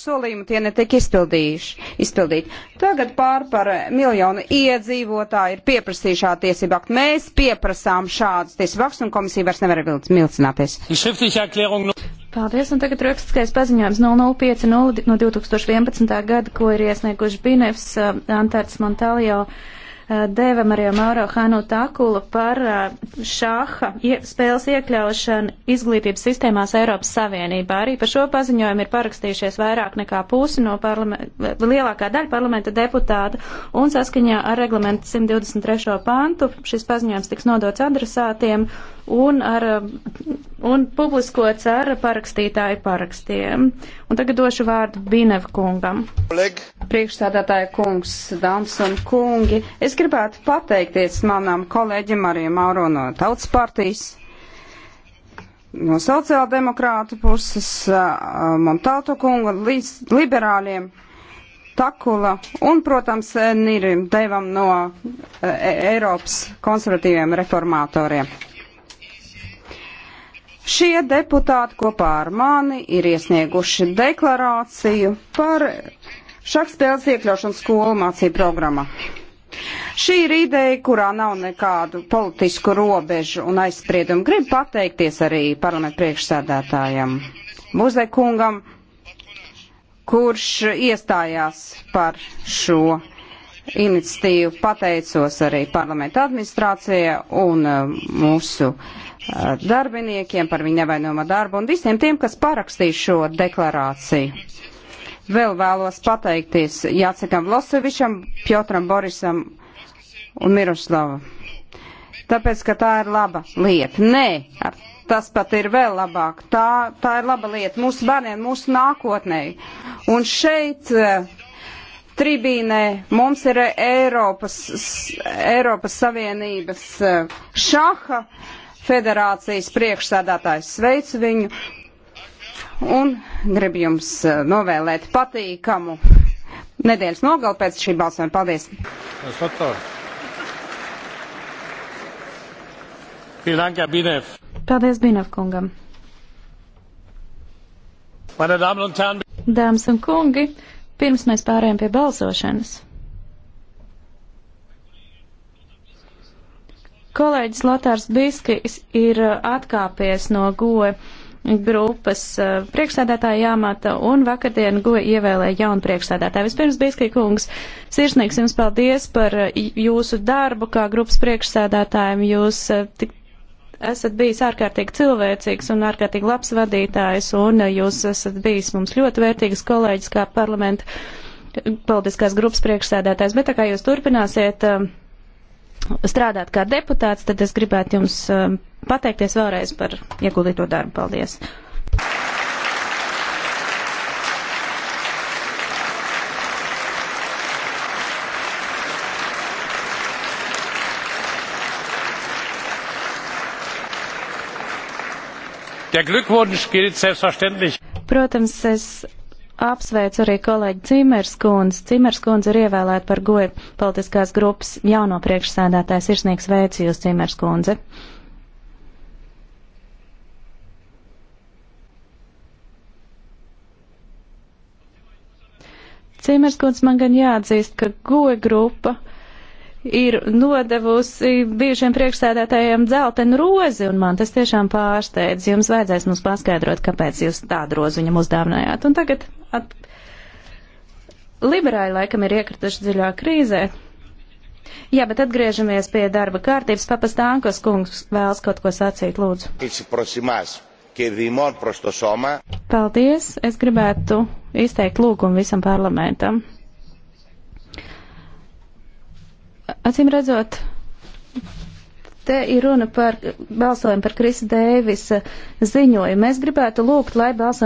solījumu tie netiek izpildīti. Tagad pār par eh, miljonu iedzīvotāju ir pieprasījušā tiesību aktu. Mēs pieprasām šādus tiesību aktus un komisija vairs nevar vilcināties. Nu- Paldies, un tagad rakstiskais paziņojums 0050 no 2011. gada, ko ir iesnieguši Binevs, eh, Antārts Montaljo. Eh, devam arī Mauro Hanu Takulu par eh, šaha spēles iekļaušanu izglītības sistēmās Eiropas Savienībā. Arī par šo paziņojumu ir parakstījušies vairāk nekā pusi no eh, lielākā daļa parlamenta deputāta un saskaņā ar reglamentu 123. pantu šis paziņojums tiks nodots adresātiem un, ar, un publiskots ar parakstītāju parakstiem. Un tagad došu vārdu Binev kungam. Oleg priekšstādātāja kungs, dāmas un kungi. Es gribētu pateikties manām kolēģim arī Mauro no Tautas partijas, no sociāldemokrāta puses, Montāto kunga, liberāļiem, Takula un, protams, Nirim Devam no e, Eiropas konservatīviem reformātoriem. Šie deputāti kopā ar mani ir iesnieguši deklarāciju par šakspēles iekļaušanu skolu mācību programmā. Šī ir ideja, kurā nav nekādu politisku robežu un aizspriedumu. Gribu pateikties arī parlamentu priekšsēdētājam Buzekungam, kurš iestājās par šo iniciatīvu. Pateicos arī parlamentu administrācijai un uh, mūsu uh, darbiniekiem par viņu nevainojamo darbu un visiem tiem, kas parakstīja šo deklarāciju. Vēl vēlos pateikties Jācekam Losevičam, Piotram Borisam un Miroslavam. Tāpēc, ka tā ir laba lieta. Nē, tas pat ir vēl labāk. Tā, tā ir laba lieta mūsu bērniem, mūsu nākotnē. Un šeit eh, tribīnē mums ir Eiropas, Eiropas Savienības eh, šaha federācijas priekšsēdātājs. Sveicu viņu un gribu jums eh, novēlēt patīkamu nedēļas nogalu pēc šī balsojuma. Paldies! Paldies Binev kungam! Dāmas un kungi, pirms mēs pārējām pie balsošanas. Kolēģis Lotārs Biskis ir eh, atkāpies no goja grupas eh, priekšsēdētāja jāmata un vakardien guva ievēlēja jaunu priekšsēdētāju. Vispirms, Bīskī kungs, sirsnīgs jums paldies par eh, jūsu darbu kā grupas priekšsēdētājiem. Jūs eh, tik esat bijis ārkārtīgi cilvēcīgs un ārkārtīgi labs vadītājs, un jūs esat bijis mums ļoti vērtīgs kolēģis kā parlamenta politiskās grupas priekšsēdētājs. Bet tā kā jūs turpināsiet strādāt kā deputāts, tad es gribētu jums um, pateikties vēlreiz par ieguldīto darbu. Paldies! Der Glückwunsch gilt selbstverständlich. Protams, es apsveicu arī kolēģi Cimerskundzi. Cimerskundze ir ievēlēta par goju politiskās grupas jauno priekšsēdētāju. Sirsnīgs veicu jūs, Cimerskundze. Cimerskundze man gan jāatzīst, ka goja grupa ir nodevusi bijušiem priekšsēdētājiem dzeltenu rozi, un man tas tiešām pārsteidz. Jums vajadzēs mums paskaidrot, kāpēc jūs tādu rozi viņam uzdāvinājāt. Un tagad at... liberāļi laikam ir iekrituši dziļā krīzē. Jā, bet atgriežamies pie darba kārtības. Papastānkos kungs vēlas kaut ko sacīt, lūdzu. Paldies, es gribētu izteikt lūgumu visam parlamentam. Acīm redzot, te ir runa par balsojumu par Krisa Dēvisa ziņojumu. Mēs gribētu lūgt, lai balsojums